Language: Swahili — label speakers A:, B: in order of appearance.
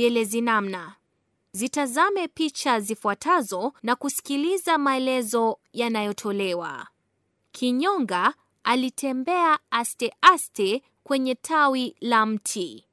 A: vielezi namna. Zitazame picha zifuatazo na kusikiliza maelezo yanayotolewa. Kinyonga alitembea aste aste kwenye tawi la mti.